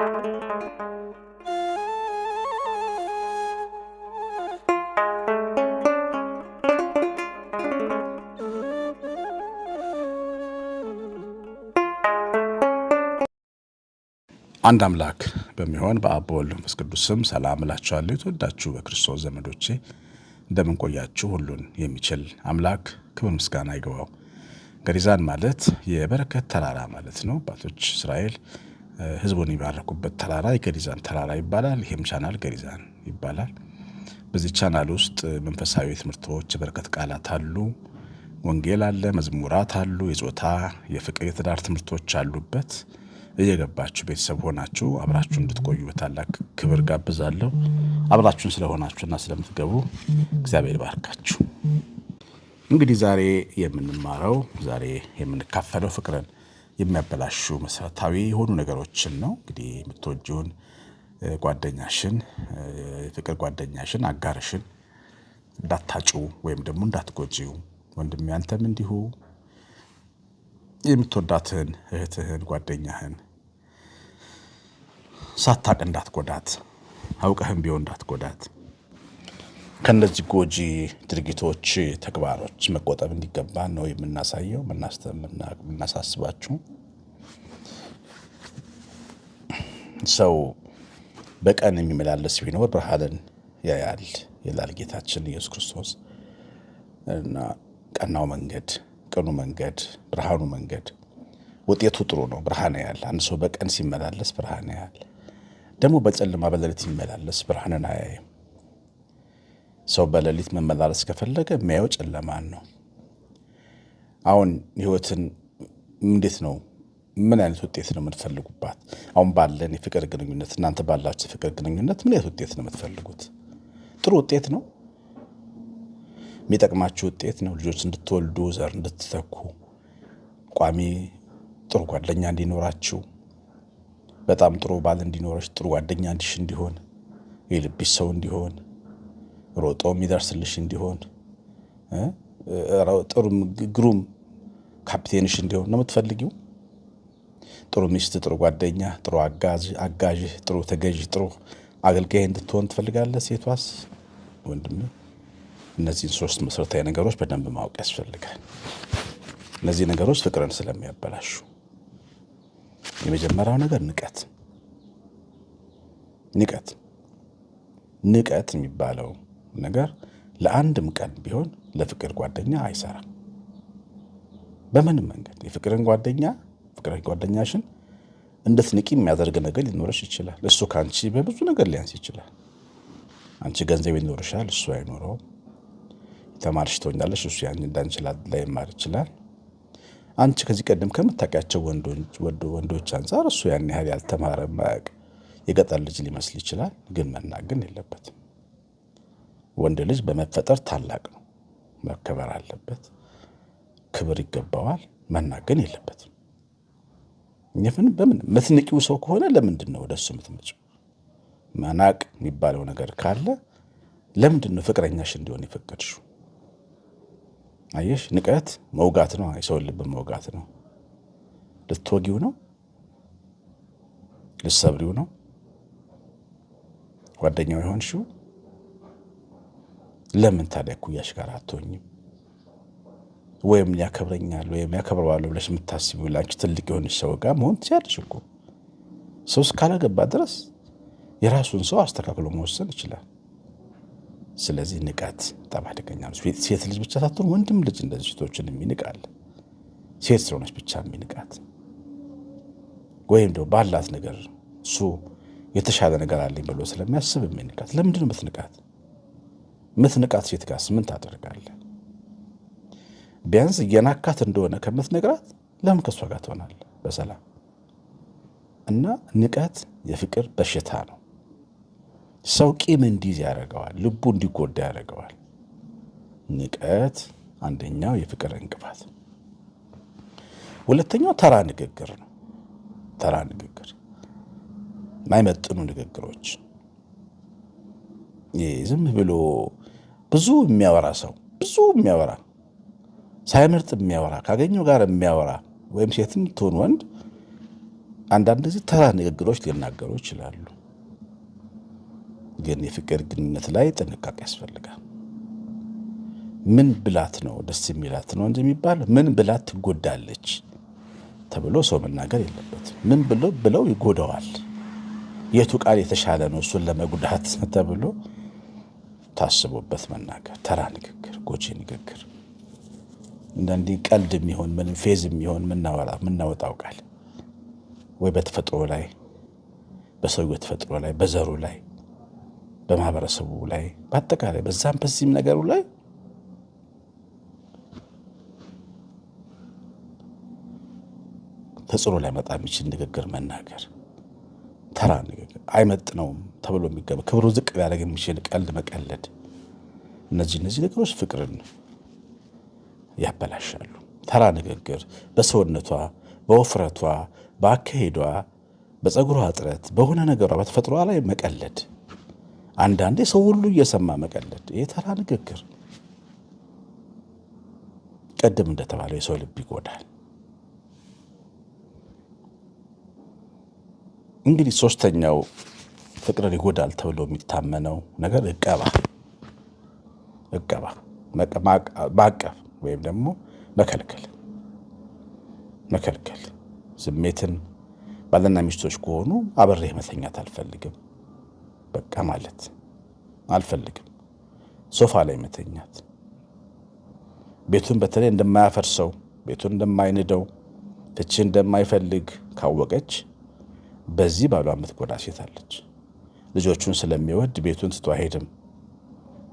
አንድ አምላክ በሚሆን በአብ በወልድ መንፈስ ቅዱስ ስም ሰላም እላችኋለሁ። የተወዳችሁ በክርስቶስ ዘመዶቼ እንደምንቆያችሁ፣ ሁሉን የሚችል አምላክ ክብር ምስጋና ይገባው። ገሪዛን ማለት የበረከት ተራራ ማለት ነው። አባቶች እስራኤል ህዝቡን የባረኩበት ተራራ የገሪዛን ተራራ ይባላል። ይህም ቻናል ገሪዛን ይባላል። በዚህ ቻናል ውስጥ መንፈሳዊ ትምህርቶች፣ በረከት ቃላት አሉ፣ ወንጌል አለ፣ መዝሙራት አሉ፣ የጾታ የፍቅር፣ የትዳር ትምህርቶች አሉበት። እየገባችሁ ቤተሰብ ሆናችሁ አብራችሁ እንድትቆዩ በታላቅ ክብር ጋብዛለሁ። አብራችሁን ስለሆናችሁና ስለምትገቡ እግዚአብሔር ባርካችሁ። እንግዲህ ዛሬ የምንማረው ዛሬ የምንካፈለው ፍቅርን የሚያበላሹ መሰረታዊ የሆኑ ነገሮችን ነው። እንግዲህ የምትወጂውን ጓደኛሽን የፍቅር ጓደኛሽን አጋርሽን እንዳታጩ ወይም ደግሞ እንዳትጎጂው፣ ወንድም ያንተም እንዲሁ የምትወዳትህን እህትህን ጓደኛህን ሳታቅ እንዳትጎዳት አውቀህም ቢሆን እንዳትጎዳት ከእነዚህ ጎጂ ድርጊቶች፣ ተግባሮች መቆጠብ እንዲገባ ነው የምናሳየው የምናሳስባችሁ። ሰው በቀን የሚመላለስ ቢኖር ብርሃንን ያያል ይላል ጌታችን ኢየሱስ ክርስቶስ እና ቀናው መንገድ ቀኑ መንገድ ብርሃኑ መንገድ ውጤቱ ጥሩ ነው። ብርሃን ያያል። አንድ ሰው በቀን ሲመላለስ ብርሃን ያያል። ደግሞ በጨለማ በሌሊት ሲመላለስ ብርሃንን አያይም። ሰው በሌሊት መመላለስ ከፈለገ የሚያየው ጨለማን ነው። አሁን ህይወትን እንዴት ነው? ምን አይነት ውጤት ነው የምትፈልጉባት? አሁን ባለን የፍቅር ግንኙነት እናንተ ባላችሁ የፍቅር ግንኙነት ምን አይነት ውጤት ነው የምትፈልጉት? ጥሩ ውጤት ነው የሚጠቅማችሁ ውጤት ነው። ልጆች እንድትወልዱ፣ ዘር እንድትተኩ፣ ቋሚ ጥሩ ጓደኛ እንዲኖራችሁ፣ በጣም ጥሩ ባል እንዲኖረች፣ ጥሩ ጓደኛ እንዲሽ እንዲሆን፣ የልብሽ ሰው እንዲሆን ሮጦ የሚደርስልሽ እንዲሆን ጥሩ ግሩም ካፕቴንሽ እንዲሆን ነው የምትፈልጊው። ጥሩ ሚስት፣ ጥሩ ጓደኛ፣ ጥሩ አጋዥ ጥሩ ተገዥ፣ ጥሩ አገልጋይ እንድትሆን ትፈልጋለህ። ሴቷስ ወንድም እነዚህን ሶስት መሰረታዊ ነገሮች በደንብ ማወቅ ያስፈልጋል። እነዚህ ነገሮች ፍቅርን ስለሚያበላሹ የመጀመሪያው ነገር ንቀት ንቀት ንቀት የሚባለው ነገር ለአንድም ቀን ቢሆን ለፍቅር ጓደኛ አይሰራም። በምንም መንገድ የፍቅርን ጓደኛ ፍቅርን ጓደኛሽን እንድትንቂ የሚያደርግ ነገር ሊኖረሽ ይችላል። እሱ ከአንቺ በብዙ ነገር ሊያንስ ይችላል። አንቺ ገንዘብ ይኖርሻል፣ እሱ አይኖረውም። የተማርሽ ትሆኛለሽ፣ እሱ ያን እንዳንችላ ላይማር ይችላል። አንቺ ከዚህ ቀደም ከምታውቂያቸው ወንዶች አንጻር እሱ ያን ያህል ያልተማረ ማያውቅ የገጠር ልጅ ሊመስል ይችላል። ግን መናገን የለበትም። ወንድ ልጅ በመፈጠር ታላቅ ነው፣ መከበር አለበት፣ ክብር ይገባዋል፣ መናገን የለበትም። ይፍን በምን ምትንቂው ሰው ከሆነ ለምንድን ነው ወደሱ የምትመጪው? መናቅ የሚባለው ነገር ካለ ለምንድን ነው ፍቅረኛሽ እንዲሆን የፈቀድሽው? አየሽ፣ ንቀት መውጋት ነው፣ የሰውን ልብ መውጋት ነው። ልትወጊው ነው፣ ልትሰብሪው ነው ጓደኛው የሆንሽው ለምን ታዲያ ኩያሽ ጋር አትሆኝም? ወይም ያከብረኛል ወይም ያከብረዋለሁ ብለሽ የምታስቢው ላንቺ ትልቅ የሆነች ሰው ጋር መሆን ትችያለሽ እኮ። ሰው እስካላገባ ድረስ የራሱን ሰው አስተካክሎ መወሰን ይችላል። ስለዚህ ንቀት በጣም አደገኛ ነው። ሴት ልጅ ብቻ ሳትሆን ወንድም ልጅ እንደዚህ ሴቶችን የሚንቃል። ሴት ስለሆነች ብቻ የሚንቃት ወይም ደግሞ ባላት ነገር እሱ የተሻለ ነገር አለኝ ብሎ ስለሚያስብ የሚንቃት። ለምንድን ነው የምትንቃት? ምትንቃት ሴት ጋርስ ምን ታደርጋለ? ቢያንስ እየናካት እንደሆነ ከምትነግራት ለምን ከእሷ ጋር ትሆናል በሰላም እና ንቀት የፍቅር በሽታ ነው። ሰው ቂም እንዲይዝ ያደርገዋል፣ ልቡ እንዲጎዳ ያደርገዋል። ንቀት አንደኛው የፍቅር እንቅፋት። ሁለተኛው ተራ ንግግር ነው። ተራ ንግግር፣ የማይመጥኑ ንግግሮች ዝም ብሎ ብዙ የሚያወራ ሰው ብዙ የሚያወራ ሳይመርጥ የሚያወራ ካገኘው ጋር የሚያወራ ወይም ሴትም ትሆን ወንድ አንዳንድ ጊዜ ተራ ንግግሮች ሊናገሩ ይችላሉ። ግን የፍቅር ግንኙነት ላይ ጥንቃቄ ያስፈልጋል። ምን ብላት ነው ደስ የሚላት ነው እንጂ የሚባል ምን ብላት ትጎዳለች ተብሎ ሰው መናገር የለበትም። ምን ብሎ ብለው ይጎዳዋል፣ የቱ ቃል የተሻለ ነው እሱን ለመጉዳት ተብሎ ታስቦበት መናገር፣ ተራ ንግግር፣ ጎጂ ንግግር፣ አንዳንዴ ቀልድ የሚሆን ምንም ፌዝ የሚሆን የምናወጣው ቃል ወይ በተፈጥሮ ላይ በሰው ተፈጥሮ ላይ በዘሩ ላይ በማህበረሰቡ ላይ በአጠቃላይ በዛም በዚህም ነገሩ ላይ ተጽዕኖ መጣ የሚችል ንግግር መናገር ተራ ንግግር አይመጥነውም። ተብሎ የሚገባ ክብሩ ዝቅ ሊያደርግ የሚችል ቀልድ መቀለድ፣ እነዚህ እነዚህ ነገሮች ፍቅርን ያበላሻሉ። ተራ ንግግር በሰውነቷ በወፍረቷ በአካሄዷ በፀጉሯ እጥረት በሆነ ነገሯ በተፈጥሯ ላይ መቀለድ፣ አንዳንዴ ሰው ሁሉ እየሰማ መቀለድ፣ ይህ ተራ ንግግር ቅድም እንደተባለው የሰው ልብ ይጎዳል። እንግዲህ ሶስተኛው ፍቅርን ይጎዳል ተብሎ የሚታመነው ነገር እቀባ እቀባ ማቀፍ ወይም ደግሞ መከልከል መከልከል ስሜትን ባልና ሚስቶች ከሆኑ አብሬህ መተኛት አልፈልግም፣ በቃ ማለት አልፈልግም። ሶፋ ላይ መተኛት ቤቱን በተለይ እንደማያፈርሰው ቤቱን እንደማይንደው ፍቺ እንደማይፈልግ ካወቀች በዚህ ባሏ የምትጎዳ ሴት አለች። ልጆቹን ስለሚወድ ቤቱን ትቶ አይሄድም።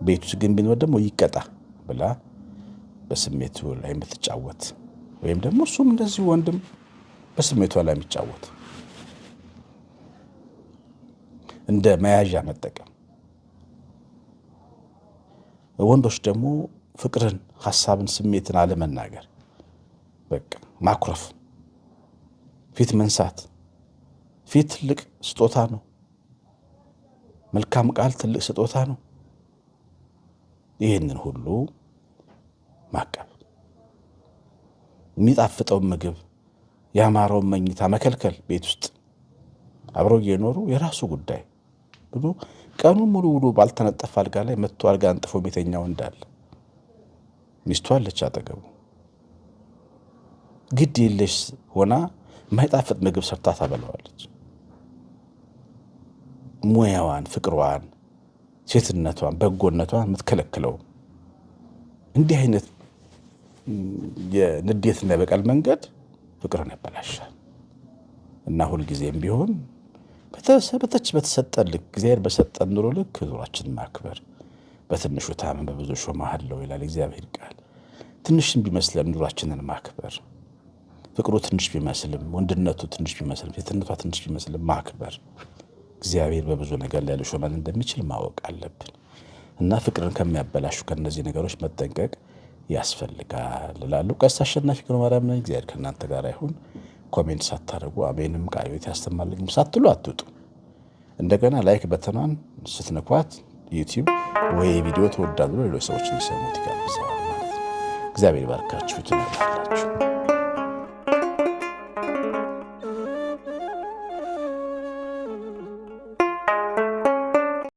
ቤቱ ግን ቢኖር ደግሞ ይቀጣ ብላ በስሜቱ ላይ የምትጫወት ወይም ደግሞ እሱም እንደዚህ ወንድም በስሜቷ ላይ የሚጫወት እንደ መያዣ መጠቀም። ወንዶች ደግሞ ፍቅርን፣ ሀሳብን፣ ስሜትን አለመናገር፣ በቃ ማኩረፍ፣ ፊት መንሳት። ፊት ትልቅ ስጦታ ነው። መልካም ቃል ትልቅ ስጦታ ነው። ይህንን ሁሉ ማቀብ፣ የሚጣፍጠውን ምግብ ያማረውን መኝታ መከልከል፣ ቤት ውስጥ አብረው እየኖሩ የራሱ ጉዳይ ብሎ ቀኑን ሙሉ ውሎ ባልተነጠፈ አልጋ ላይ መጥቶ አልጋ አንጥፎ ቤተኛው እንዳለ ሚስቱ አለች አጠገቡ ግድ የለሽ ሆና የማይጣፍጥ ምግብ ሰርታ ታበለዋለች። ሙያዋን፣ ፍቅሯን፣ ሴትነቷን፣ በጎነቷን የምትከለክለው እንዲህ አይነት የንዴትና የበቀል መንገድ ፍቅርን ያበላሻል እና ሁልጊዜም ቢሆን በተች በተሰጠን ልክ እግዚአብሔር በሰጠን ኑሮ ልክ ዙሯችን ማክበር በትንሹ ታመን በብዙ ሾመሃለሁ ይላል እግዚአብሔር ቃል። ትንሽም ቢመስለን ኑሯችንን ማክበር ፍቅሩ ትንሽ ቢመስልም፣ ወንድነቱ ትንሽ ቢመስልም፣ ሴትነቷ ትንሽ ቢመስልም ማክበር እግዚአብሔር በብዙ ነገር ላይ ሊያልሾመን እንደሚችል ማወቅ አለብን እና ፍቅርን ከሚያበላሹ ከእነዚህ ነገሮች መጠንቀቅ ያስፈልጋል እላለሁ። ቀሲስ አሸናፊ ግርማ ማርያም ነኝ። እግዚአብሔር ከእናንተ ጋር ይሁን። ኮሜንት ሳታደርጉ አሜንም ቃቤት ያስተማልኝም ሳትሉ አትውጡ። እንደገና ላይክ በተኗን ስትንኳት ዩቲዩብ ወይ ቪዲዮ ተወዳሉ ሌሎች ሰዎች እንዲሰሙት ይጋብዛል ማለት ነው። እግዚአብሔር ባርካችሁ ትኖራላችሁ።